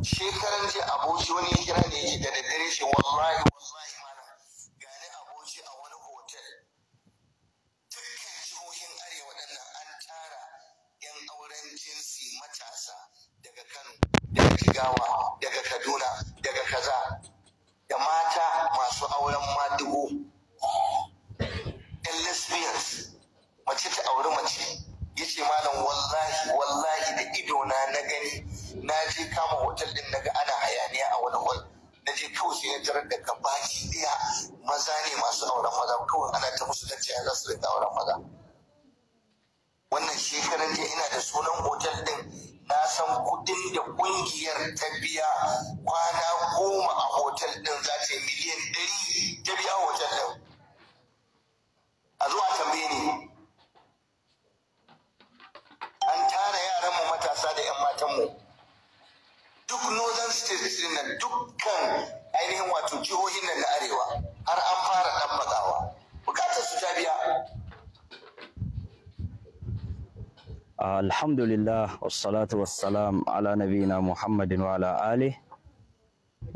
shekaran je aboki wani ya kira da yake da daddare shi wallahi Alhamdulillah wassalatu wassalam ala nabina Muhammadin wa ala alihi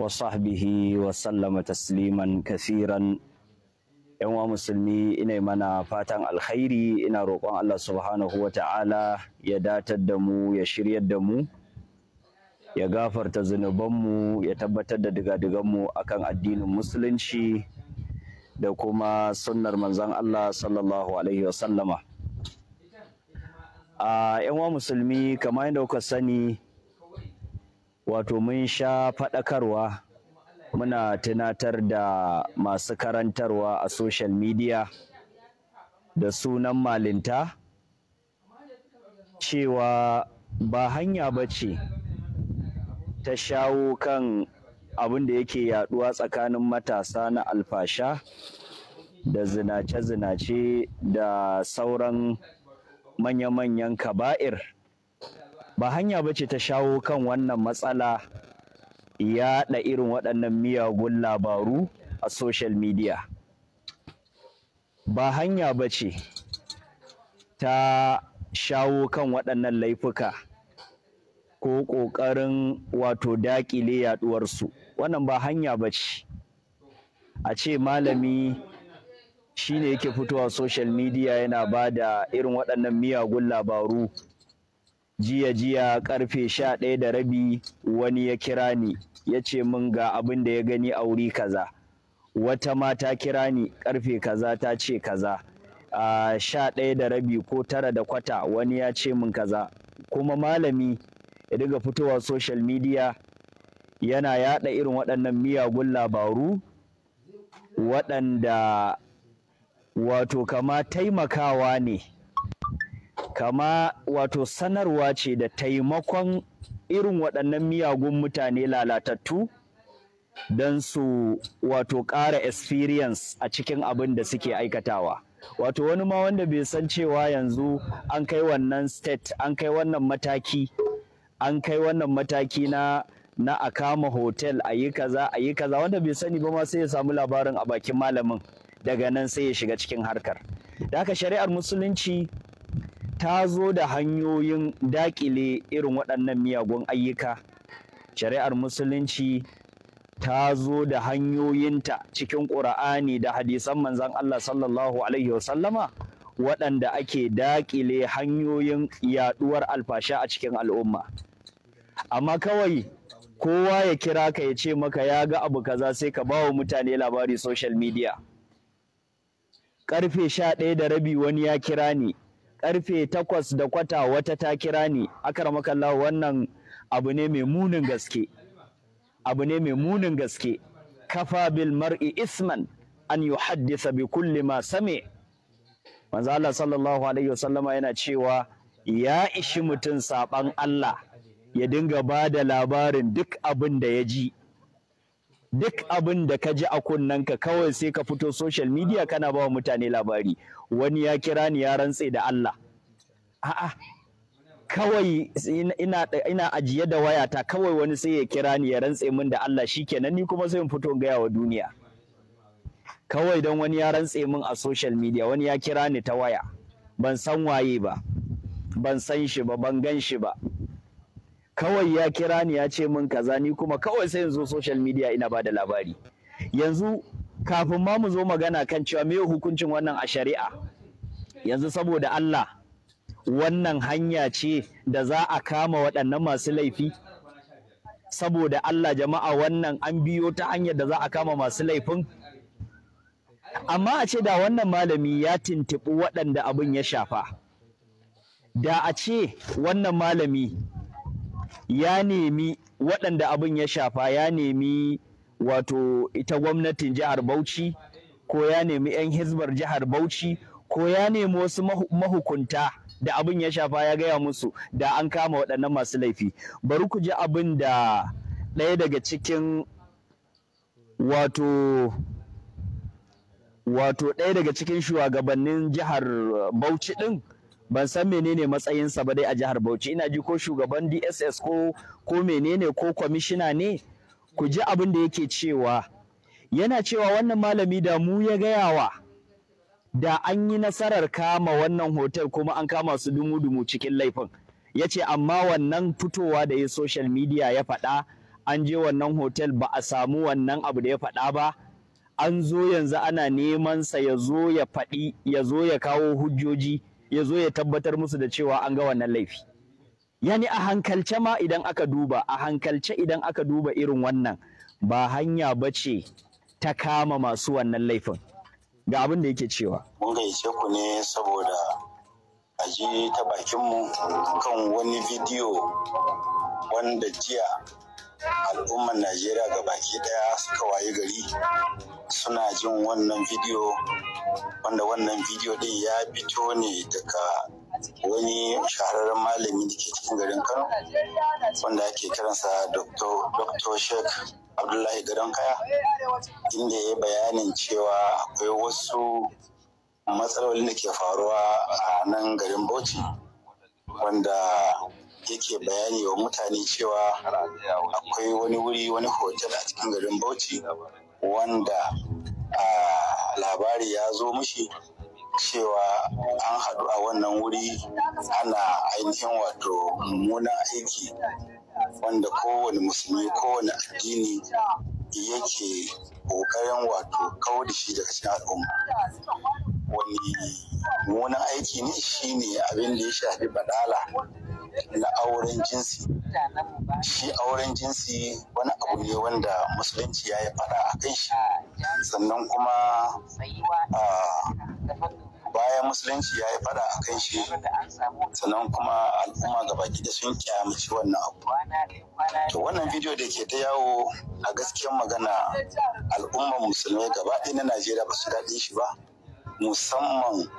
wa sahbihi wa sallama tasliman kafiran yan uwa musulmi ina mana fatan alkhairi ina roƙon Allah subhanahu wa ta'ala ya datar da mu ya shiryar da mu ya gafarta zunubanmu ya tabbatar da digadiganmu akan addinin musulunci da kuma sunnar manzon Allah sallallahu alaihi wasallama a yan wa musulmi kamar yadda kuka sani wato mun sha faɗakarwa muna tunatar da masu karantarwa a social media da sunan malinta cewa ba hanya ba ce ta shawo kan abin da yake yaduwa tsakanin matasa na alfasha da zinace-zinace da sauran manya-manyan kaba'ir ba hanya ba ce ta shawo kan wannan matsala ya da irin waɗannan miyagun labaru a social media ba hanya ba ce ta shawo kan waɗannan laifuka ko ƙoƙarin wato daƙile yaɗuwarsu wannan ba hanya ba ce a ce malami shi ne yake fitowa social media yana ba da irin waɗannan miyagun labaru jiya jiya karfe sha ɗaya da rabi wani ya kira ni ya ce min ga abin da ya gani a wuri kaza wata ma ta kira ni karfe kaza ta ce kaza a sha ɗaya da rabi ko tara da kwata wani ya ce min kaza kuma malami ya daga fitowa social media yana yaɗa irin waɗannan miyagun labaru waɗanda wato kama taimakawa ne kama wato sanarwa ce da taimakon irin waɗannan miyagun mutane lalatattu don su wato ƙara experience a cikin abin da suke aikatawa wato wani ma wanda bai san cewa yanzu an kai wannan state an kai wannan mataki an kai wannan mataki na na a kama hotel a yi kaza a yi kaza wanda bai sani ba ma sai ya samu labarin a bakin malamin daga nan sai ya shiga cikin harkar da haka shari'ar musulunci ta zo da hanyoyin dakile irin waɗannan miyagun ayyuka shari'ar musulunci ta zo da hanyoyinta cikin ƙura'ani da hadisan manzan Allah sallallahu alaihi wasallama waɗanda ake dakile hanyoyin yaɗuwar alfasha a cikin al'umma amma kawai kowa ya kira ka ya ce maka ya ga abu kaza sai ka ba wa mutane labari social media Ƙarfe sha ɗaya da rabi wani ya kira ni. Ƙarfe takwas da kwata wata ta kira ni. makalla wannan abu ne mai munin gaske. Abu ne mai munin gaske. Kafa bil mar'i isman an haddisa bi kulli ma same? Manzo Allah sallallahu alaihi wasallama yana cewa ya ishi mutum saɓan Allah ya dinga ba da labarin duk abin da ya ji. duk abin da ka ji a kunnen ka kawai sai ka fito social media kana ba wa mutane labari wani ya kira ni ya rantse da Allah a'a kawai ina ina ajiye da wayata kawai wani sai ya kira ni ya rantse min da Allah shikenan ni kuma sai in fito in gaya wa duniya kawai don wani ya rantse min a social media wani ya kira ni ta waya ban san waye ba ban san shi ba ban gan shi ba kawai ya kira ni ya ce min kaza ni kuma kawai sai yanzu social media ina bada labari yanzu kafin ma mu zo magana kan cewa me hukuncin wannan a shari'a yanzu saboda Allah wannan hanya ce da za a kama waɗannan masu laifi saboda Allah jama'a wannan an biyo ta hanyar da za a kama masu laifin amma a ce da wannan malami ya tuntuɓi waɗanda abin ya shafa da a ce wannan malami ya nemi waɗanda abin ya shafa ya nemi wato ita gwamnatin jihar Bauchi ko ya nemi 'yan hizbar jihar Bauchi ko ya nemi wasu mahukunta da abin ya shafa ya gaya musu da an kama waɗannan masu laifi bari ku ji abin da ɗaya daga cikin wato wato ɗaya daga cikin shugabannin jihar Bauchi ɗin ban san menene matsayinsa ba dai a jihar Bauchi ina ji ko shugaban DSS ko ko menene ko kwamishina ne ku ji abin da yake cewa yana cewa wannan malami da mu ya gayawa da an yi nasarar kama wannan hotel kuma an kama su dumu-dumu cikin laifin ya ce amma wannan fitowa da ya social media ya faɗa an je wannan hotel ba a samu wannan abu da ya faɗa ba an zo yanzu ana neman sa ya zo ya faɗi ya zo ya kawo hujjoji ya zo ya tabbatar musu da cewa an ga wannan laifi yani a hankalce ma idan aka duba a hankalce idan aka duba irin wannan ba hanya ba ce ta kama masu wannan laifin ga abin da yake cewa mun gayyace ku ne saboda a ji ta bakinmu kan wani bidiyo wanda jiya Al'umman najeriya ga baki daya suka waye gari suna jin wannan bidiyo wanda wannan bidiyo din ya fito ne daga wani shahararren malami da ke cikin garin kano wanda ake kiransa dr sheikh abdullahi gadon kaya inda ya bayanin cewa akwai wasu matsalolin da ke faruwa a nan garin bauchi wanda yake bayani wa mutane cewa akwai wani wuri wani hotel a cikin garin bauchi wanda labari ya zo mushi cewa an haɗu a wannan wuri ana ainihin wato mummunan aiki wanda kowane musulmi kowane addini yake ƙoƙarin wato kawo da shi daga cikin al'umma wani munan aiki ne shine abin da ya shafi badala na auren jinsi shi auren jinsi wani abu ne wanda musulunci ya yi fada a kai shi sannan kuma bayan musulunci ya yi fada a kan shi sannan kuma al'umma baki da sun kyamaci wannan abu to wannan bidiyo da ke ta yawo a gaskiyar magana al'umman musulmai gaba na najeriya ba su daɗin shi ba musamman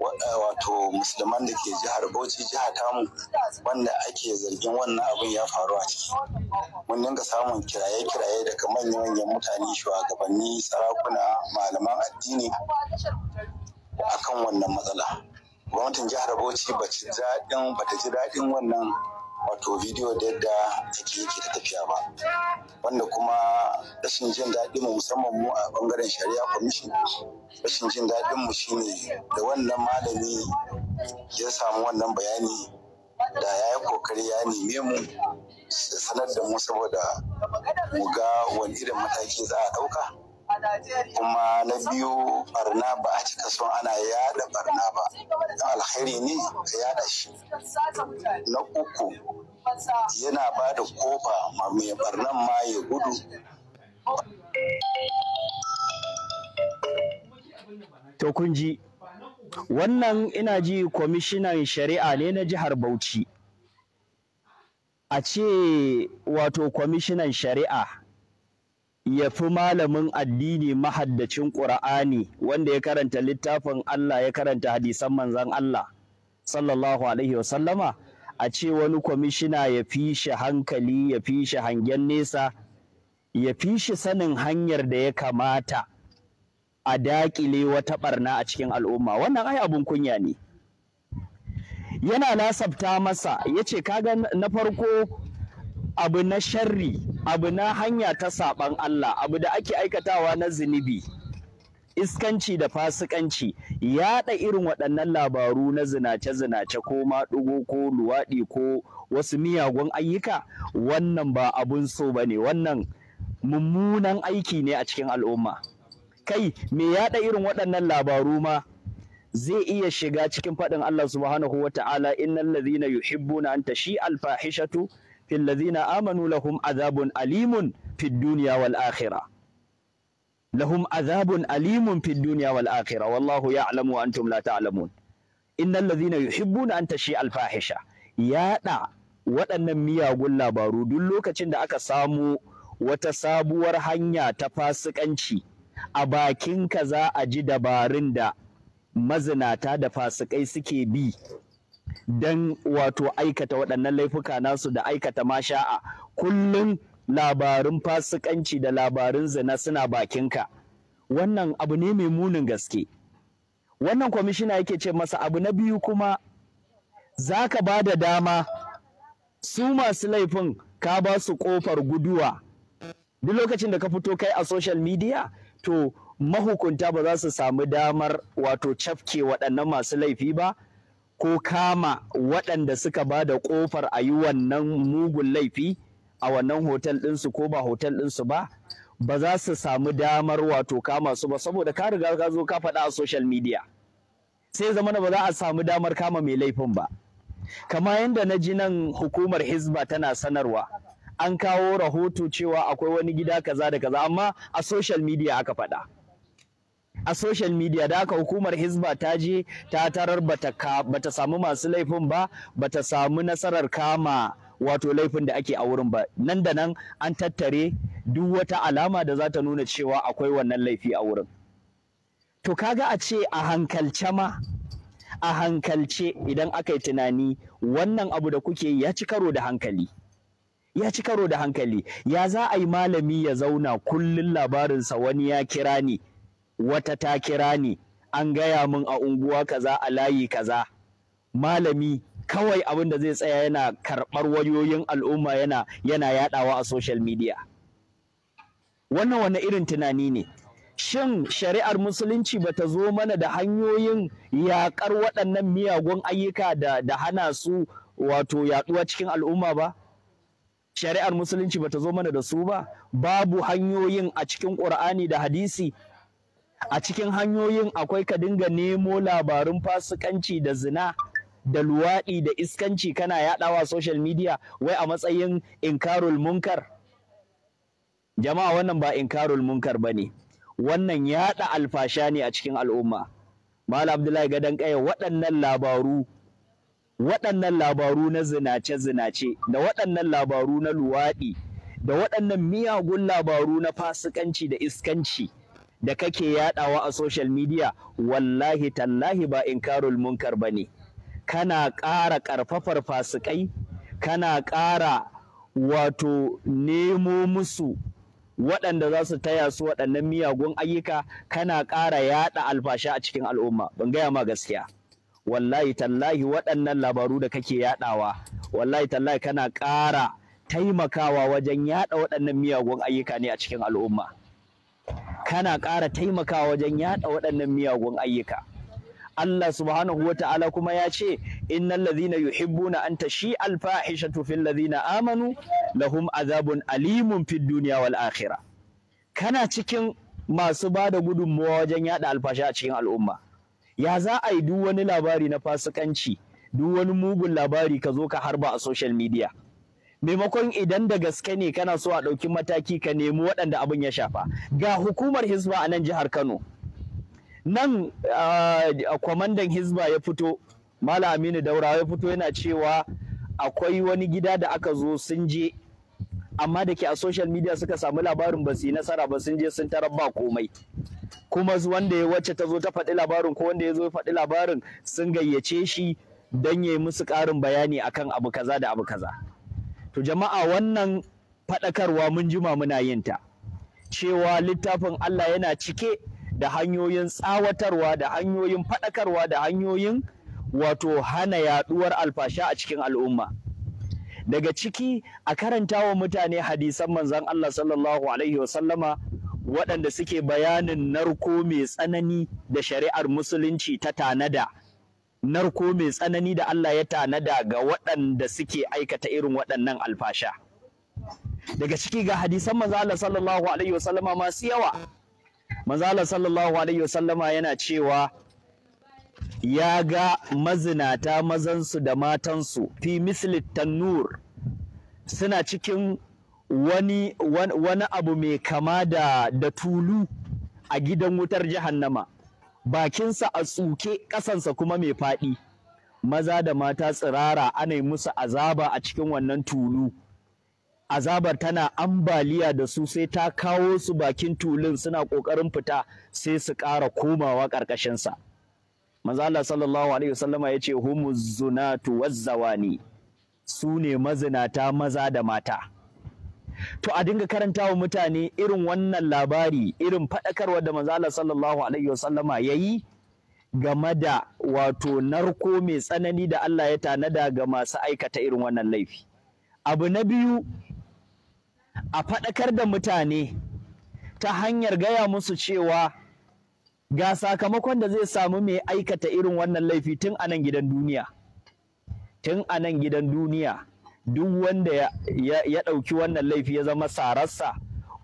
wato musulman da ke jihar Bauchi jiha tamu wanda ake zargin wannan abin ya faru a ciki. Mun dinga samun kiraye-kiraye daga manya-manyan mutane shugabanni sarakuna malaman addini akan wannan matsala. Gwamnatin jihar Bauchi ba ji daɗin wannan wato bidiyo da yadda ake yake da tafiya ba wanda kuma rashin jin daɗin mu musamman mu a bangaren shari'a commission rashin jin daɗin mu shine da wannan malami ya samu wannan bayani da ya yi kokari ya neme mu sanar da mu saboda mu ga wani irin mataki za a ɗauka kuma na biyu barna ba a cika son ana yada barna ba alkhairi ne a yada shi na uku yana ba da kofa ma mai barnan ma ya gudu to ji wannan ina ji kwamishinan shari'a ne na jihar bauchi a ce wato kwamishinan shari'a ya fi malamin addini mahaddacin ƙura'ani wanda ya karanta littafin Allah ya karanta hadisan manzan Allah sallallahu alaihi wasallama a ce wani kwamishina ya fi shi hankali ya fi shi hangen nesa ya fi shi sanin hanyar da ya kamata a daƙile wata barna a cikin al'umma wannan ai abun kunya ne yana nasabta masa ya ce kaga na farko abu na sharri abu na hanya ta saɓan Allah abu da ake aikatawa na zunubi iskanci da fasikanci yaɗa irin waɗannan labaru na zinace-zinace ko maɗugo ko luwaɗi ko wasu miyagun ayyuka wannan ba abun so ba ne wannan mummunan aiki ne a cikin al'umma kai me yaɗa irin waɗannan labaru ma zai iya shiga cikin faɗin Allah subhanahu wa ta'ala innal ladhina yuhibbuna an tashi al fahishatu fil lazina amanu lahum azabun alimun fid duniya wal akhirah lahum azabun alimun fid dunya wal akhirah wallahu ya'lamu wa antum la ta'lamun innal ladhina yuhibbuna an tashi al Yaɗa waɗannan miyagun labaru duk lokacin da aka samo wata sabuwar hanya ta fasikanci a bakinka za a ji dabarun da mazinata da fasikai suke bi don wato aikata waɗannan laifuka nasu da aikata masha'a kullum labarun fasikanci da labarun zina suna bakinka wannan abu ne mai munin gaske wannan kwamishina yake ce masa abu na biyu kuma za ka ba da dama su masu laifin ka ba su kofar guduwa duk lokacin da ka fito kai a social media to mahukunta ba za su samu damar wato cafke waɗannan masu laifi ba ko kama waɗanda suka ba da ƙofar a yi wannan mugun laifi a wannan hotel ɗinsu ko ba hotel ɗinsu ba ba za su samu damar wato kama su ba saboda ka riga ka zo ka faɗa a social media sai zama ba za a samu damar kama mai laifin ba kama yadda na ji nan hukumar hizba tana sanarwa an kawo rahoto cewa akwai wani gida kaza da kaza amma a social media aka faɗa a social media da aka hukumar hizba ta je ta tarar bata samu masu laifin ba bata samu nasarar kama wato laifin da ake a wurin ba nan da nan an tattare duk wata alama da za ta nuna cewa akwai wannan laifi a wurin to kaga a ce a hankalce ma a hankalce idan aka yi tunani wannan abu da kuke ya ci karo da hankali ya ci karo da hankali ya za a yi malami ya zauna kullun labarinsa wani ya kira ni wata ta kira ni an gaya min a unguwa kaza a layi kaza malami kawai abin da zai tsaya yana karɓar wayoyin al'umma yana yana yadawa a social media wannan wani irin tunani ne shin shari'ar musulunci ba ta zo mana da hanyoyin yaƙar waɗannan miyagun ayyuka da, da hana su wato yaɗuwa cikin al'umma ba shari'ar musulunci ba ta zo mana da su ba babu hanyoyin a cikin ƙur'ani da hadisi a cikin hanyoyin akwai ka dinga nemo labarun fasikanci da zina da luwaɗi da iskanci kana yaɗawa social media wai a matsayin inkarul munkar jama'a wannan ba inkarul munkar ba ne wannan yaɗa alfasha ne a cikin al'umma malam abdullahi gadan kaya waɗannan labaru waɗannan labaru na zinace-zinace da waɗannan labaru na luwaɗi da waɗannan miyagun labaru na fasikanci da iskanci da kake yaɗawa a social media wallahi tallahi ba inkarul munkar ba ne. kana ƙara ƙarfafar fasikai kana ƙara wato nemo musu waɗanda za su taya su waɗannan miyagun ayyuka kana ƙara yaɗa alfasha a cikin al'umma ban gaya ma gaskiya wallahi tallahi waɗannan labaru da kake yaɗawa wallahi tallahi kana ƙara taimakawa wajen yaɗa waɗannan miyagun ayyuka ne a cikin al'umma kana ƙara taimakawa wajen yaɗa waɗannan miyagun ayyuka Allah subhanahu wa ta'ala kuma ya ce innal ladhina yuhibbuna an tashi al fahishatu fil ladhina amanu lahum azabun alimun fid dunya wal akhirah kana cikin masu ba da gudunmawa wajen yada alfasha a cikin al'umma ya za a yi duk wani labari na fasikanci duk wani mugun labari ka zo ka harba a social media maimakon idan da gaske ne kana so a ɗauki mataki ka nemi waɗanda abin ya shafa ga hukumar hisba a nan jihar kano nan kwamandan hizba ya fito mala aminu daura ya fito yana cewa akwai wani gida da aka zo sun je amma da ke a social media suka samu labarin ba su yi nasara ba sun je sun tarar ba komai kuma wanda ya wacce ta zo ta faɗi labarin ko wanda ya zo ya faɗi labarin sun gayyace shi don ya yi musu ƙarin bayani akan abu kaza da abu kaza to jama'a wannan faɗakarwa mun jima muna yin ta cewa littafin Allah yana cike da hanyoyin tsawatarwa da hanyoyin faɗakarwa da hanyoyin wato hana yaɗuwar alfasha a cikin al'umma daga ciki a karanta wa mutane hadisan manzan Allah sallallahu alaihi wasallama waɗanda suke bayanin narko mai tsanani da shari'ar musulunci ta tanada narko mai tsanani da Allah ya tanada ga waɗanda suke aikata irin waɗannan alfasha daga ciki ga hadisan manzan Allah sallallahu alaihi wasallama masu yawa manzala sallallahu alaihi wasallama yana cewa ya ga mazinata mazansu da matansu fi misli tannur suna cikin wani, wani abu mai kama da, da tulu a gidan wutar jahannama bakinsa a tsuke kasansa kuma mai faɗi maza da mata tsirara ana yi musu azaba a cikin wannan tulu azabar tana ambaliya da su sai ta kawo su bakin tulun suna ƙoƙarin fita sai su ƙara komawa ƙarƙashinsa manzo Allah sallallahu alaihi wasallama ya ce humu zunatu wazzawani su ne mazinata maza da mata to a dinga karanta wa mutane irin wannan labari irin faɗakarwa da manzo Allah sallallahu alaihi wasallama yayi game da wato narko mai tsanani da Allah ya tanada ga masu aikata irin wannan laifi abu na biyu a faɗakar da mutane ta hanyar gaya musu cewa ga sakamakon da zai samu mai aikata irin wannan laifi tun a nan gidan duniya tun a nan gidan duniya duk wanda ya ɗauki wannan laifi ya zama sararsa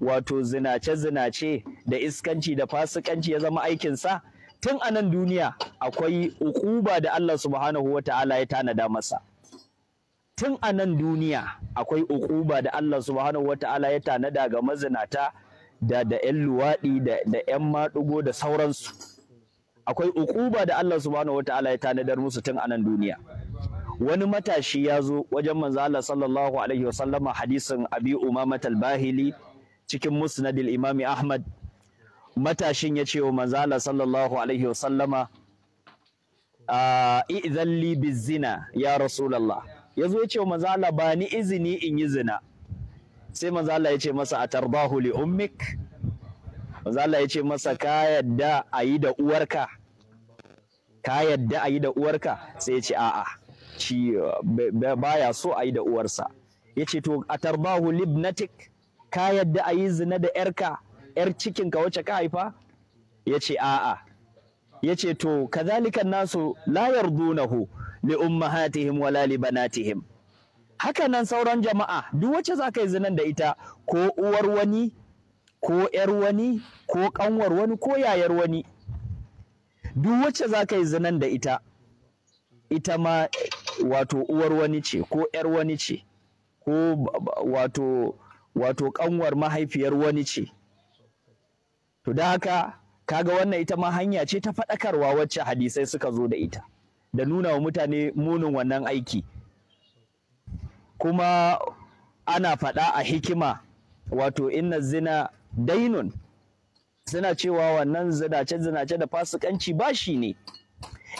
wato zinace-zinace da iskanci da fasikanci ya zama aikinsa tun a nan duniya akwai ukuba da Allah subhanahu wa ta'ala ya tanada masa. tun a nan duniya akwai ukuba da Allah subhanahu wata'ala ya tanada ga mazinata da da ƴan luwaɗi da da ƴan maɗugo da sauransu akwai ukuba da Allah subhanahu wata'ala ya tanadar musu tun a nan duniya wani matashi ya zo wajen manzo Allah sallallahu alaihi wa sallama hadisin Abi Umama al-Bahili cikin Musnad al-Imam Ahmad matashin ya ce wa manzo Allah sallallahu alaihi wa sallama a'idhalli ah, bizina ya rasulullah ya zo ya ce wa manzo Allah ba ni izini in yi zina sai manzo Allah ya ce masa atarbahu li ummik manzo Allah ya ce masa ka yadda a yi da uwarka ka yadda a yi da uwarka sai ya ce a'a shi baya so a yi da uwarsa ya ce to atarbahu libnatik ka yadda a yi zina da yarka yar cikinka wacce ka haifa ya ce a'a ya ce to kazalika nasu la yardunahu li ummahatihim wala li banatihim haka nan sauran jama'a duk wacce za ka yi zinan da ita ko uwar wani ko ‘yar wani ko ƙanwar wani ko yayar wani duk wacce za ka yi zinan da ita ita ma wato uwar wani ce ko ‘yar wani ce ko wato wato ƙanwar mahaifiyar wani ce to da haka kaga wannan ita ma hanya ce ta faɗakarwa wacce hadisai suka zo da ita da nuna wa mutane munin wannan aiki kuma ana faɗa a hikima wato inna zina dainun suna cewa wannan zinace zinace da fasikanci bashi ne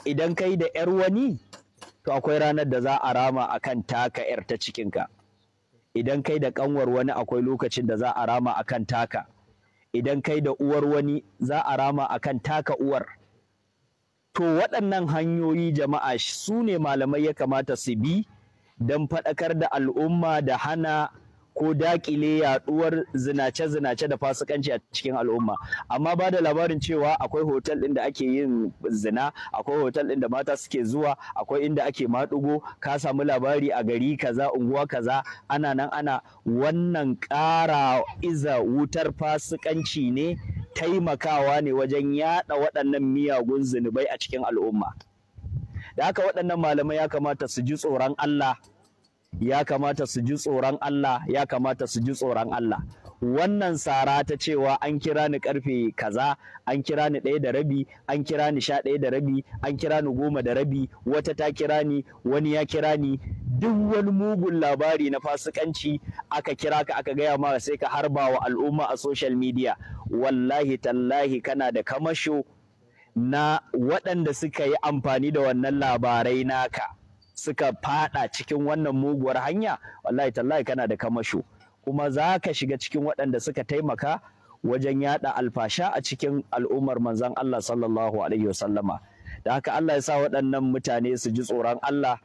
idan kai da 'yar wani to akwai ranar da za a rama akan taka 'yar ta cikinka idan kai da ƙanwar wani akwai lokacin da za a rama kan taka idan kai da uwar wani za a rama akan taka uwar to waɗannan hanyoyi jama'a su ne malamai ya kamata su bi don faɗakar da al'umma da hana ko dakile yaɗuwar zinace-zinace da fasikanci a cikin al'umma amma ba da labarin cewa akwai hotel ɗin da ake yin zina akwai hotel ɗin da mata suke zuwa akwai inda ake maɗugo ka samu labari a gari kaza unguwa kaza ana nan ana wannan ƙara iza wutar fasikanci ne taimakawa ne wajen yada waɗannan miyagun zunubai a cikin al'umma da haka waɗannan malamai ya kamata su ji tsoron Allah ya kamata su ji tsoron Allah ya kamata su ji tsoron Allah wannan sara ta cewa an kira ni karfe kaza an kira ni ɗaya da rabi an kira ni sha ɗaya da rabi an kira ni goma da rabi wata ta kira ni wani ya kira ni duk wani mugun labari na fasikanci aka kira ka aka gaya ma sai ka harba wa al'umma a social media wallahi tallahi kana da kamasho na waɗanda suka yi amfani da wannan labarai naka suka fada cikin wannan muguwar hanya wallahi tallahi kana da kamasho kuma za ka shiga cikin waɗanda suka taimaka wajen yada alfasha a cikin al'ummar manzan Allah sallallahu alaihi wasallama da haka Allah ya sa waɗannan mutane su ji tsoron Allah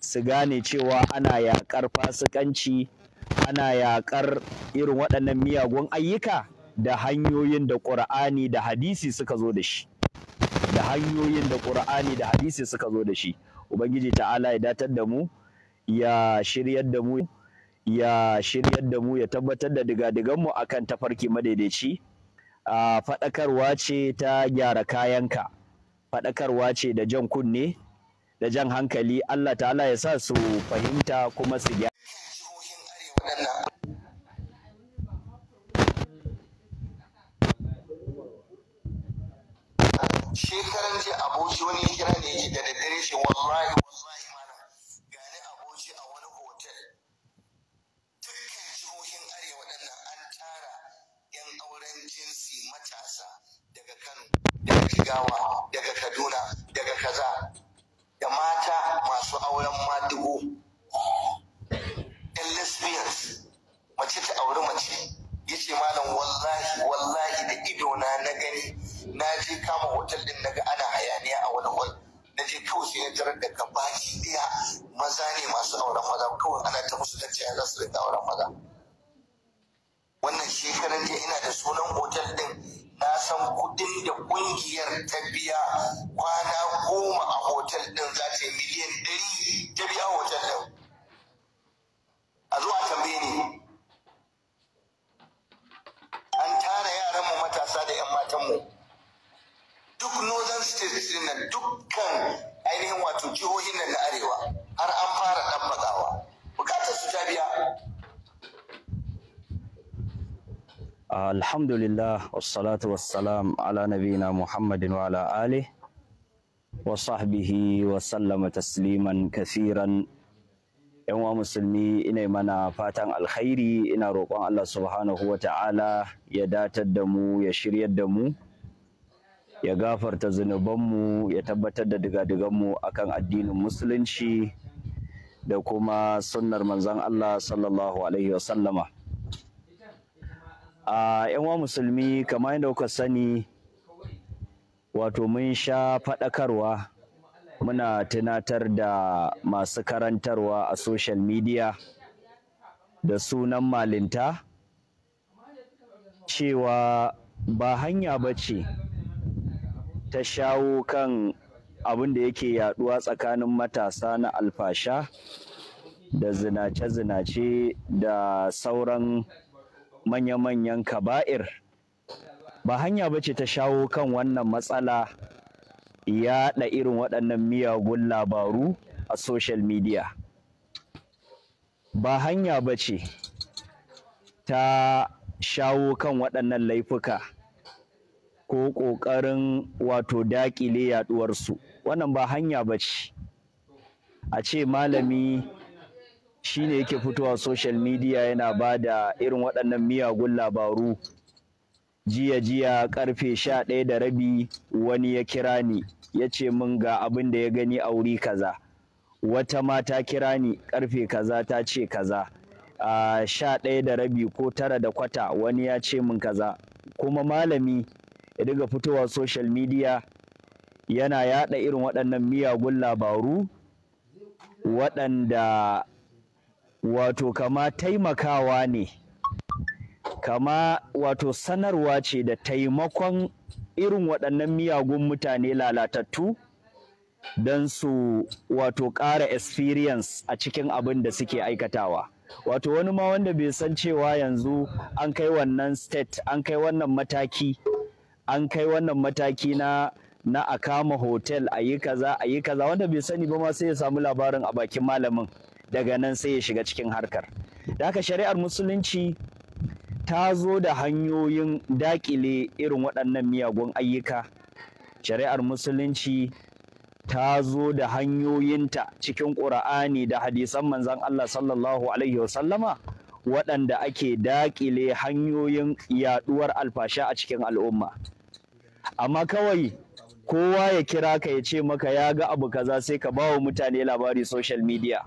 su gane cewa ana yaƙar fasikanci ana yaƙar irin waɗannan miyagun ayyuka da hanyoyin da ƙur'ani da hadisi suka zo da shi da hanyoyin da ƙur'ani da hadisi suka zo da shi ubangiji ta'ala ya datar da mu ya shiryar da mu ya shiryar da mu ya tabbatar da mu akan tafarki madaidaici a faɗakarwa ce ta gyara kayanka faɗakarwa ce da jan kunne da jan hankali Allah ta'ala ya sa su fahimta kuma su gyara shekaran je aboki wani kira ne yake da daddare shi wallahi Gawa daga kaduna daga kaza da mata masu auren madugo ɗan lesbians mace ta auri mace ya ce malam wallahi wallahi da ido na na gani na je kama hotel din naga ana hayaniya a wani hol na je kawai sai ya tarar da gabaki daya maza ne masu auren maza kawai ana ta musu tace za su auren maza wannan shekaran jiya ina da sunan hotel din san kudin da kungiyar ta biya kwana goma a hotel din za ta yi miliyan ɗari ta biya hotel din a zuwa tambaye ne an tara mu matasa da 'yan matanmu duk northern states din nan dukkan ainihin wato jihohin nan na arewa har an fara ɗan bukatar su ta biya Alhamdulillah wassalatu wassalam ala nabina Muhammadin wa ala alih wa sahbihi wa sallama tasliman kathiran yanwa musulmi ina mana fatan alkhairi ina roƙon Allah subhanahu wa ta'ala ya datar da mu ya shiryar da mu ya gafarta zunubanmu ya tabbatar da diga mu akan addinin musulunci da kuma sunnar manzan Allah sallallahu alaihi wa sallama a wa musulmi kamar yadda kuka sani wato mun sha faɗakarwa muna tunatar da masu karantarwa a social media da sunan malinta cewa ba hanya ba ce ta shawo kan abin da yake yaduwa tsakanin matasa na alfasha da zinace-zinace da sauran manya-manyan kaba'ir ba hanya ba ce ta shawo kan wannan matsala yaɗa irin waɗannan miyagun labaru a social media ba hanya ba ce ta shawo kan waɗannan laifuka ko ƙoƙarin wato daƙile yaɗuwarsu wannan ba hanya ba ce a ce malami shi ne yake fitowa social media yana ba da irin waɗannan miyagun labaru jiya jiya karfe sha ɗaya da rabi wani ya kira ni ya ce min ga abin da ya gani a wuri kaza wata ma ta kira ni karfe kaza ta ce kaza a sha ɗaya da rabi ko tara da kwata wani ya ce min kaza kuma malami ya daga fitowa social media yana yaɗa irin waɗannan miyagun labaru waɗanda wato kama taimakawa ne kama wato sanarwa ce da taimakon irin waɗannan miyagun mutane lalatattu don su wato ƙara experience a cikin abin da suke aikatawa wato wani ma wanda bai san cewa yanzu an kai wannan state an kai wannan mataki an kai wannan mataki na na a kama hotel a yi kaza a yi kaza wanda bai sani ba ma sai ya samu labarin a bakin malamin daga nan sai ya shiga cikin harkar da haka shari'ar musulunci ta zo da hanyoyin dakile irin waɗannan miyagun ayyuka shari'ar musulunci ta zo da hanyoyinta cikin ƙura'ani da hadisan manzan Allah sallallahu alaihi wasallama waɗanda ake daƙile hanyoyin yaɗuwar alfasha a cikin al'umma amma kawai kowa ya kira ka ya ce maka ya ga abu kaza sai ka ba wa mutane labari social media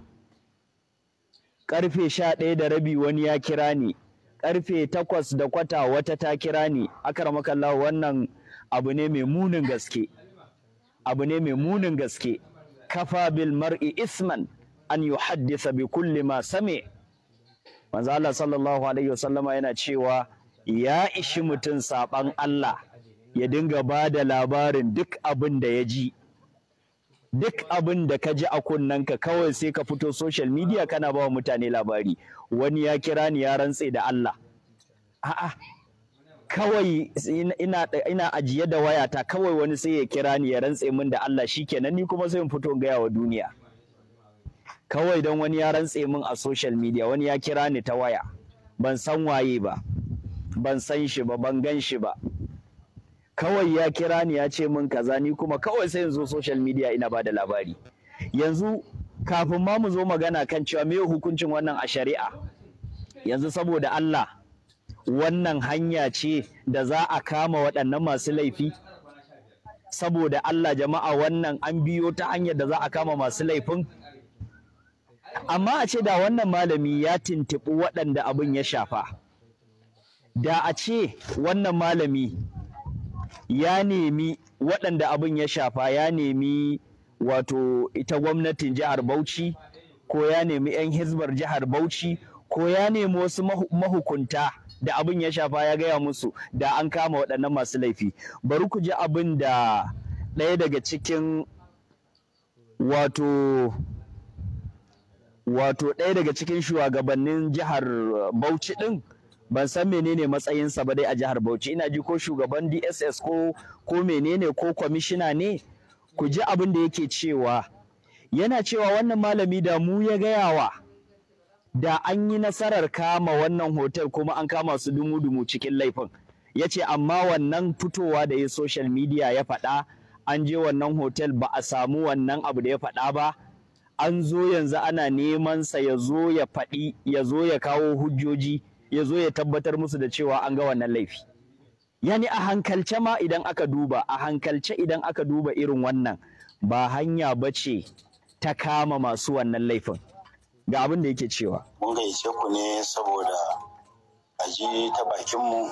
ƙarfe sha ɗaya da rabi wani ya kira ni ƙarfe takwas da kwata wata ta kira ni akaramakallah wannan abu ne mai munin gaske abu ne mai munin gaske kafa bil mar'i isman an haddisa bi kulli ma same? manzo Allah sallallahu alaihi wasallama yana cewa ya ishi mutum saban Allah ya dinga ba da labarin duk abin da ya ji duk abin da ka ji a ka kawai sai ka fito social media kana ba wa mutane labari wani ya kira ni ya rantse da Allah a'a kawai ina, ina ajiye da wayata kawai wani sai ya kira ni ya rantse min da Allah shikenan ni kuma sai in fito in gaya wa duniya kawai don wani ya rantse min a social media wani ya kira ni ta waya ban san waye ba ban san shi ba ban gan shi ba kawai ya kira ni ya ce min kaza ni kuma kawai sai yanzu social media ina ba da labari yanzu kafin ma mu zo magana kan cewa me hukuncin wannan a shari'a yanzu saboda Allah wannan hanya ce da za a kama waɗannan masu laifi saboda Allah jama'a wannan an biyo ta hanyar da za a kama masu laifin amma a ce da wannan malami ya tuntuɓi waɗanda abin ya shafa da a ce wannan malami ya nemi waɗanda abin ya shafa ya nemi wato ita gwamnatin jihar Bauchi ko ya nemi 'yan hizbar jihar Bauchi ko ya nemi wasu mahukunta da abin ya shafa ya gaya musu da an kama waɗannan masu laifi bari ku ji abin da ɗaya daga cikin wato wato ɗaya daga cikin shugabannin jihar Bauchi ɗin ban san menene matsayinsa ba dai a jihar Bauchi ina ji ko shugaban DSS ko ko menene ko kwamishina ne ku ji abin da yake cewa yana cewa wannan malami da mu ya gayawa da an yi nasarar kama wannan hotel kuma an kama su dumu-dumu cikin laifin ya ce amma wannan fitowa da ya social media ya faɗa an je wannan hotel ba a samu wannan abu da ya faɗa ba an zo yanzu ana neman sa ya zo ya faɗi ya zo ya kawo hujjoji ya zo ya tabbatar musu da cewa an ga wannan laifi yani a hankalce ma idan aka duba a hankalce idan aka duba irin wannan ba hanya ba ce ta kama masu wannan laifin ga abin da yake cewa mun gaice ku ne saboda a ji ta bakinmu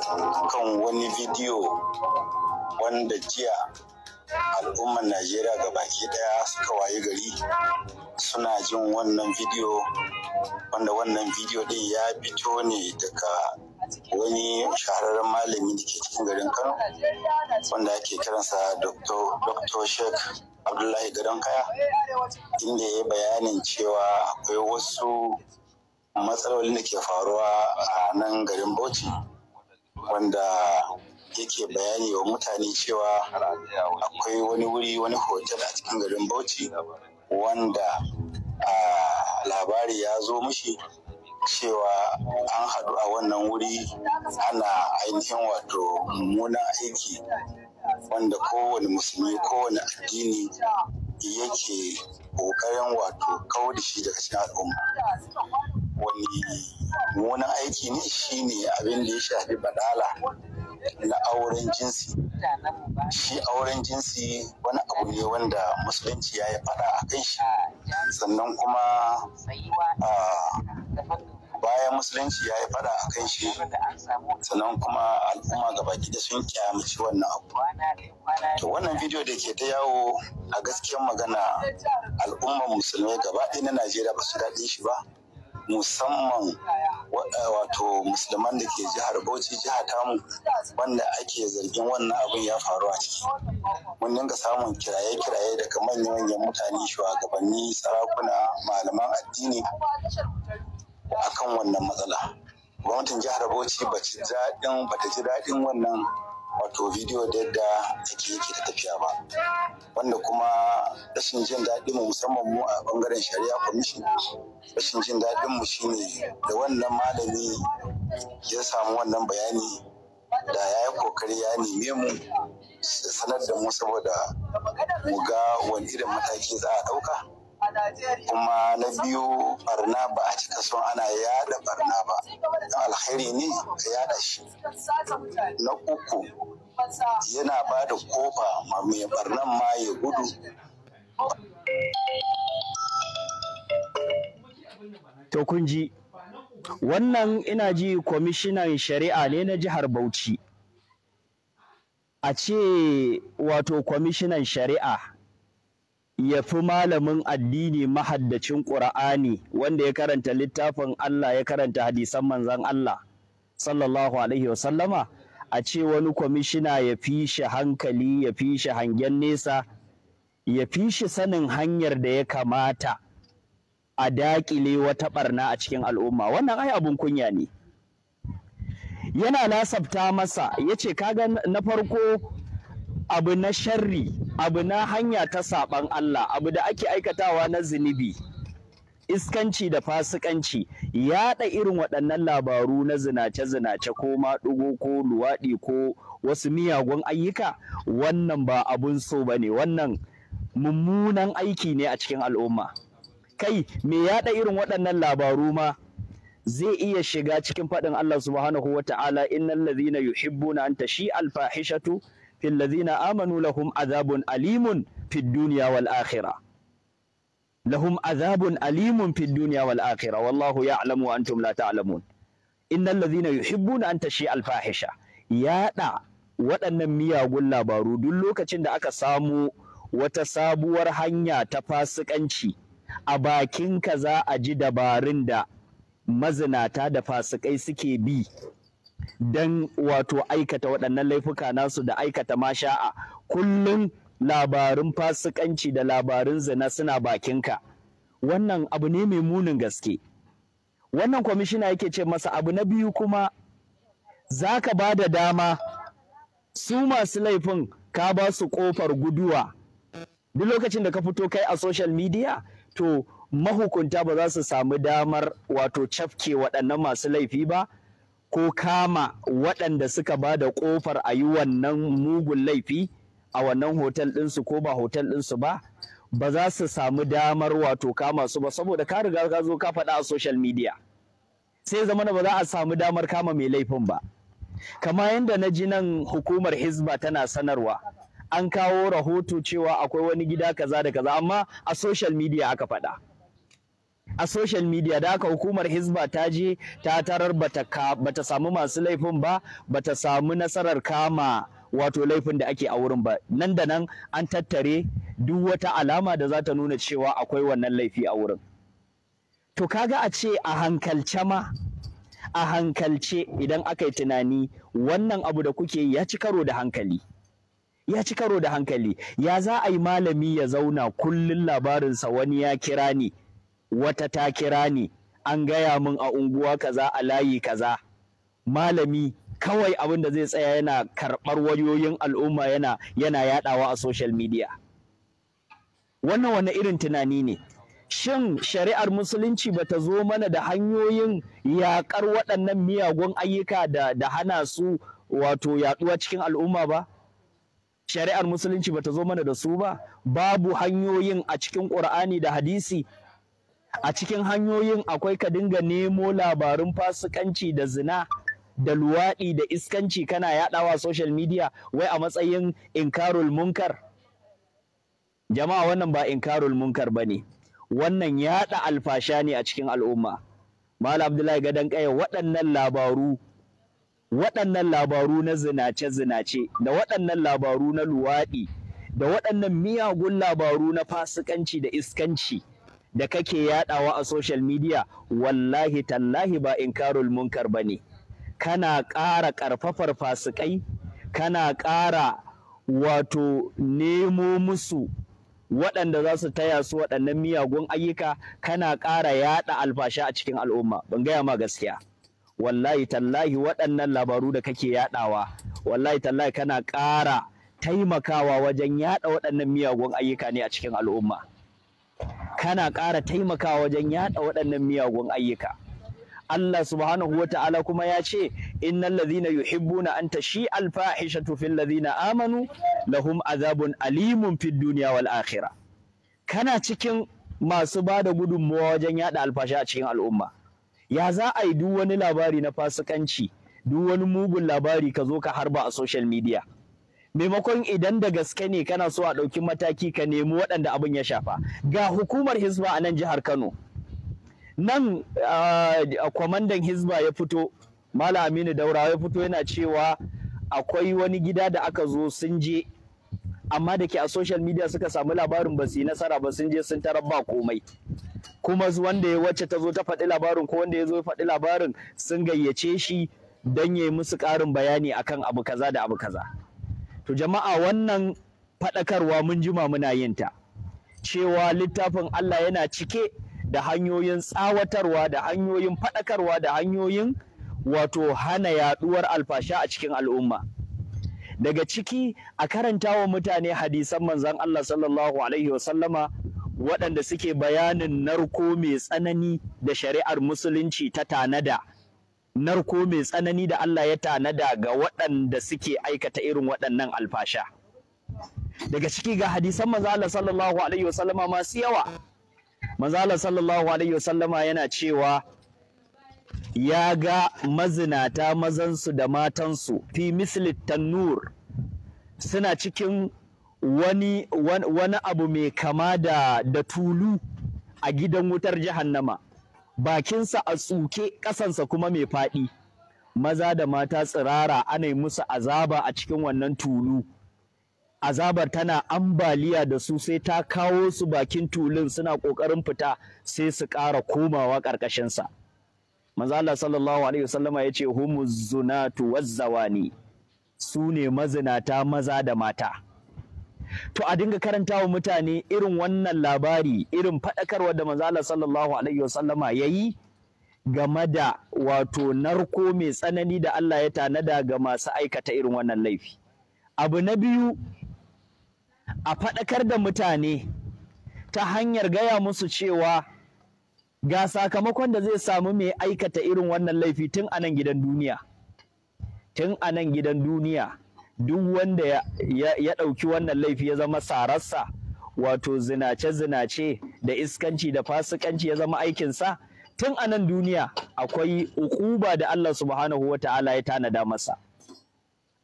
kan wani bidiyo wanda jiya Al'umman najeriya ga baki daya suka waye gari suna jin wannan bidiyo wanda wannan bidiyo din ya fito ne daga wani shahararren malami da ke cikin garin kano wanda ake kiransa dr sheik abdullahi garin kaya inda ya bayanin cewa akwai wasu matsalolin da ke faruwa a nan garin bauchi wanda yake bayani wa mutane cewa akwai wani wuri wani hotel a cikin garin bauchi wanda labari ya zo mushi cewa an haɗu a wannan wuri ana ainihin wato mummunan aiki wanda kowane musulmi kowane addini yake ƙoƙarin wato kawo shi daga cikin al'umma wani munan aiki ne shine abin da ya shafi badala na auren jinsi shi auren jinsi wani abu ne wanda musulunci ya yi fada a kan shi sannan kuma bayan musulunci ya yi fada a kan shi sannan kuma al'umma gaba da sun kyamaci wannan abu to wannan bidiyo da ke ta yawo a gaskiyar magana al'umman musulmai gaba ɗaya na najeriya ba su daɗe shi ba musamman wato musulman da ke jihar bauchi jiha tamu wanda ake zargin wannan abin ya faru a ciki mun dinga samun kiraye-kiraye daga manyan manyan mutane shugabanni sarakuna malaman addini akan wannan matsala gwamnatin jihar bauchi ba ji daɗin wannan wato bidiyo da yadda ake yake ta tafiya ba wanda kuma rashin jin daɗin mu musamman mu a bangaren shari'a commission rashin jin daɗin mu shine da wannan malami ya samu wannan bayani da ya yi kokari ya neme mu sanar da mu saboda mu ga wani irin mataki za a ɗauka kuma na biyu barna ba a cika son ana yada barna ba alheri ne a yada shi na uku yana ba da kofa mai barnan ma ya gudu to kun ji wannan ina ji kwamishinan shari'a ne na jihar bauchi a ce wato kwamishinan shari'a ya fi malamin addini mahaddacin ƙura'ani, wanda ya karanta littafin Allah ya karanta hadisan manzan Allah sallallahu alaihi wasallama a ce wani kwamishina ya fi shi hankali ya fi shi hangen nesa ya fi shi sanin hanyar da ya kamata a daƙile wata ɓarna a cikin al'umma wannan ai abun kunya ne yana nasabta masa ya ce kaga na farko abu na sharri abu na hanya ta saɓan Allah abu da ake aikatawa na zunubi iskanci da fasikanci yaɗa irin waɗannan labaru na zinace-zinace ko maɗugo ko luwaɗi ko wasu miyagun ayyuka wannan ba abun so ba ne wannan mummunan aiki ne a cikin al'umma kai me yaɗa irin waɗannan labaru ma zai iya shiga cikin faɗin Allah subhanahu wa ta'ala innal ladhina yuhibbuna an tashi al fahishatu fil ladzina amanu lahum azabun alimun fid dunya wal akhirah azabun alimun fid dunya wal akhirah wallahu ya'lamu wa antum la ta'lamun innal ladzina yuhibbuna an tashi al fahisha yada waɗannan miyagun labaru duk lokacin da aka samu wata sabuwar hanya ta fasikanci a bakinka za a ji dabarun da mazinata da fasikai suke bi don wato aikata waɗannan laifuka nasu da aikata ma sha'a, kullum labarin fasikanci da labarin zina suna bakinka wannan abu ne mai munin gaske wannan kwamishina yake ce masa abu na biyu kuma za ka ba da dama su masu laifin ka ba su ƙofar guduwa duk lokacin da ka fito kai a social media to mahukunta ba za su samu damar wato cafke waɗannan masu laifi ba ko kama waɗanda suka ba da ƙofar a yi wannan mugun laifi a wannan hotel ɗinsu ko ba hotel ɗinsu ba ba za su samu damar wato kama su ba saboda ka riga ka zo ka faɗa a social media sai zama ba za a samu damar kama mai laifin ba kama yadda na ji nan hukumar hizba tana sanarwa an kawo rahoto cewa akwai wani gida kaza da kaza amma a social media aka faɗa a social media da haka hukumar Hisba ta je ta tarar bata samu masu laifin ba bata samu nasarar kama wato laifin da ake a wurin ba nan da nan an tattare duk wata alama da za ta nuna cewa akwai wannan laifi a wurin to kaga a ce a hankalce ma a hankalce idan aka yi tunani wannan abu da kuke ya ci karo da hankali ya ci karo da hankali ya za a yi malami ya zauna kullum labarinsa wani ya kira ni wata ta kira ni an gaya min a unguwa kaza a layi kaza malami kawai abin da zai tsaya yana karɓar wayoyin al'umma yana yana yadawa a social media wannan wani irin tunani ne shin shari'ar musulunci ba ta zo mana da hanyoyin yaƙar waɗannan miyagun ayyuka da, da hana su wato yaɗuwa cikin al'umma ba shari'ar musulunci ba ta zo mana da su ba babu hanyoyin a cikin ƙur'ani da hadisi a cikin hanyoyin akwai ka dinga nemo labarun fasikanci da zina da luwaɗi da iskanci kana yaɗawa social media wai a matsayin inkarul munkar jama'a wannan ba inkarul munkar ba ne wannan yaɗa alfasha ne a cikin al'umma Malam Abdullahi Gadon Kaya waɗannan labaru waɗannan labaru na zinace-zinace da waɗannan labaru na luwaɗi da waɗannan miyagun labaru na fasikanci da iskanci da kake yadawa a social media wallahi tallahi ba inkarul munkar bane kana ƙara ƙarfafar fasikai kana ƙara wato nemo musu waɗanda za su taya su waɗannan miyagun ayyuka kana ƙara yada alfasha a cikin al'umma ban gaya ma gaskiya wallahi tallahi waɗannan labaru da kake yaɗawa wallahi tallahi kana ƙara taimakawa wajen yada waɗannan miyagun ayyuka ne a cikin al'umma kana ƙara taimakawa wajen yaɗa waɗannan miyagun ayyuka Allah subhanahu wa ta'ala kuma ya ce innal ladhina yuhibbuna an tashi al fahishatu fil ladhina amanu lahum azabun alimun fid dunya wal akhirah kana cikin masu ba da gudunmawa wajen yada alfasha a cikin al'umma ya za a yi duk wani labari na fasikanci duk wani mugun labari ka zo ka harba a social media maimakon idan da gaske ne kana so a ɗauki mataki ka nemi waɗanda abin ya shafa ga hukumar hizba a nan jihar kano nan ah, kwamandan hizba ya fito mala aminu daurawa ya fito yana cewa akwai wani gida da aka zo sun je amma da ke a social media suka samu labarin ba su yi nasara ba sun je sun tarar ba komai kuma wanda ya wacce ta zo ta faɗi labarin ko wanda ya zo faɗi labarin sun gayyace shi don ya yi musu ƙarin bayani akan abu kaza da abu kaza to jama'a wannan faɗakarwa mun jima muna yin ta cewa littafin Allah yana cike da hanyoyin tsawatarwa da hanyoyin faɗakarwa da hanyoyin wato hana yaɗuwar alfasha a cikin al'umma daga ciki a karanta wa mutane hadisan manzan Allah sallallahu alaihi wasallama waɗanda suke bayanin narko mai tsanani da shari'ar musulunci ta tanada narko mai tsanani da Allah ya tanada ga waɗanda suke aikata irin waɗannan alfasha daga ciki ga hadisan manzala sallallahu alaihi wasallama masu yawa manzala sallallahu alaihi wasallama yana cewa ya ga mazinata mazansu da matansu fi misli tannur suna cikin wani, abu mai kama da, tulu a gidan wutar jahannama bakinsa a tsuke ƙasansa kuma mai faɗi maza da mata tsirara ana yi musu azaba a cikin wannan tulu azabar tana ambaliya da su sai ta kawo su bakin tulun suna ƙoƙarin fita sai su ƙara komawa ƙarƙashinsa Maza Allah sallallahu alaihi wasallama yace humu zunatu wazzawani su ne mazinata maza da mata to a dinga karanta wa mutane irin wannan labari irin faɗakarwa da manzala sallallahu alaihi wasallama ya yi game da wato narko mai tsanani da Allah ya tanada ga masu aikata irin wannan laifi abu na biyu a faɗakar da mutane ta hanyar gaya musu cewa ga sakamakon da zai samu mai aikata irin wannan laifi tun a gidan duniya tun a gidan duniya duk wanda ya ɗauki wannan laifi ya zama sararsa wato zinace-zinace da iskanci da fasikanci ya zama aikinsa tun a nan duniya akwai ukuba da Allah subhanahu wa ta'ala ya tanada masa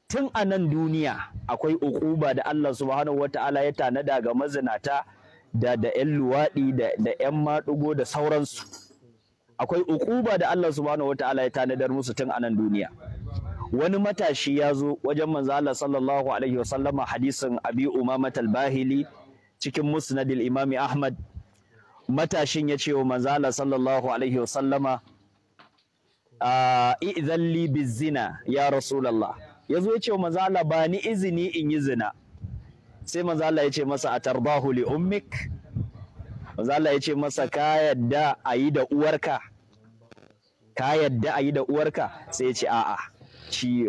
tun a nan duniya akwai ukuba da Allah subhanahu wa ta'ala ya tanada ga mazinata da da 'yan luwaɗi da 'yan maɗugo da sauransu akwai ukuba da Allah subhanahu wa ta'ala ya tanadar musu tun a nan duniya wani matashi ya zo wajen manzo Allah sallallahu alaihi wa sallama hadisin Abi Umama al-Bahili cikin Musnad al-Imam Ahmad matashin ya ce wa manzo Allah sallallahu alaihi wasallama idan li bizina ya rasulullah yazo ya ce wa manzo Allah ba ni izini in yi zina sai manzo Allah ya ce masa atarbahu li ummik manzo Allah ya ce masa ka yadda ayi da uwarka ka yadda ayi da uwarka sai ya ce a'a shi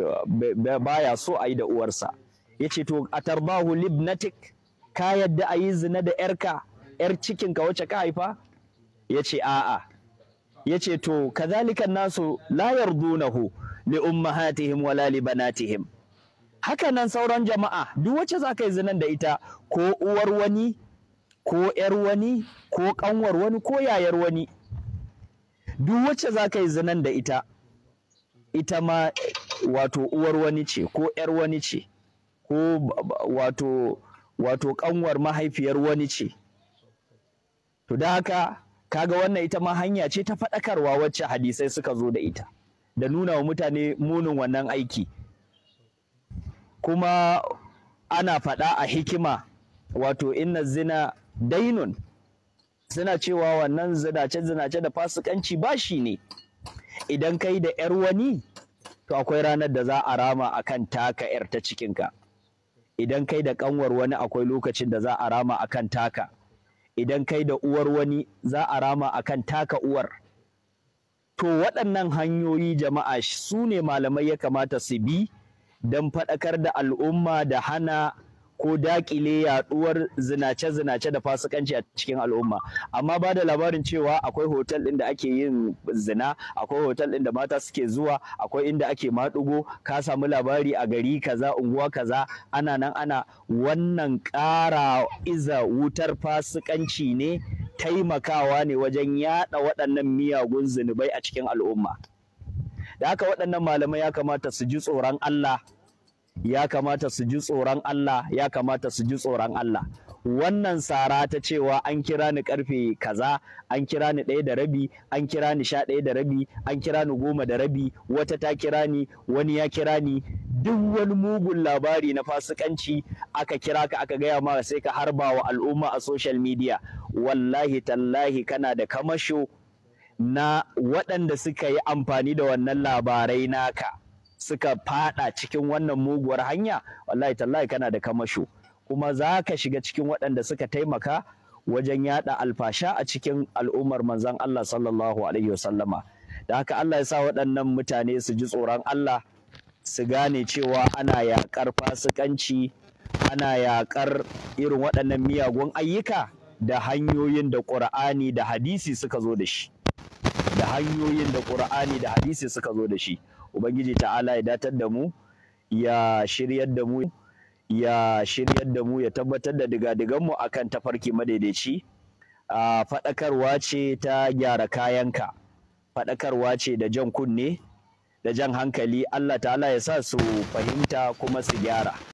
baya so a yi da uwarsa ya ce to a tarbahu libnatik ka yadda a yi zina da yarka yar cikinka wacce ka haifa ya ce a'a ya ce to kazalikan nasu la yardunahu li ummahatihim wa banatihim haka nan sauran jama'a duk wacce za ka yi zinan da ita ko uwar wani ko yar wani ko kanwar wani ko yayar wani duk wacce za ka yi zinan da ita ita ma wato uwar wani ce ko 'yar wani ce ko wato wato mahaifiyar wani ce to da haka kaga wannan ita ma hanya ce ta faɗakarwa wacce hadisai suka zo da ita da nuna wa mutane munin wannan aiki kuma ana faɗa a hikima wato inna zina dainun suna cewa wannan zinace zinace da fasikanci ba shi ne idan kai da ‘yar wani to akwai ranar da za a rama a kan taka ‘yar ta cikinka idan kai da ƙanwar wani akwai lokacin da za a rama a kan taka idan kai da uwar wani za a rama a kan taka uwar to waɗannan hanyoyi jama'a su ne malamai ya kamata su bi don faɗakar da al'umma da hana ko dakile yaduwar zinace-zinace da fasikanci a cikin al'umma amma ba da labarin cewa akwai hotel din da ake yin zina akwai hotel din da mata suke zuwa akwai inda ake madugo ka samu labari a gari kaza unguwa kaza ana nan ana wannan ƙara iza wutar fasikanci ne taimakawa ne wajen yada waɗannan miyagun zunubai a cikin al'umma da haka waɗannan malamai ya kamata su ji tsoron Allah ya kamata su ji tsoron Allah ya kamata su ji tsoron Allah wannan sara ta cewa an kira ni karfe kaza an kira ni ɗaya da rabi an kira ni sha ɗaya da rabi an kira ni goma da rabi wata ta kira ni wani ya kira ni duk wani mugun labari na fasikanci aka kira ka aka gaya ma sai ka harba wa al'umma a social media wallahi tallahi kana da kamasho na waɗanda suka yi amfani da wannan labarai naka suka fada cikin wannan muguwar hanya wallahi tallahi kana da kamasho kuma za ka shiga cikin waɗanda suka taimaka wajen yada alfasha a cikin al'ummar manzan Allah sallallahu alaihi wasallama da haka Allah ya sa waɗannan mutane su ji tsoron Allah su gane cewa ana yaƙar fasikanci ana yaƙar irin waɗannan miyagun ayyuka da hanyoyin da ƙur'ani da hadisi suka zo da shi da hanyoyin da ƙur'ani da hadisi suka zo da shi ubangiji ta'ala ya datar da mu ya shiryar da mu ya shiryar da mu ya tabbatar da digadigan mu akan tafarki madaidaici a faɗakarwa ce ta gyara kayanka faɗakarwa ce da jan kunne da jan hankali Allah ta'ala ya sa su fahimta kuma su gyara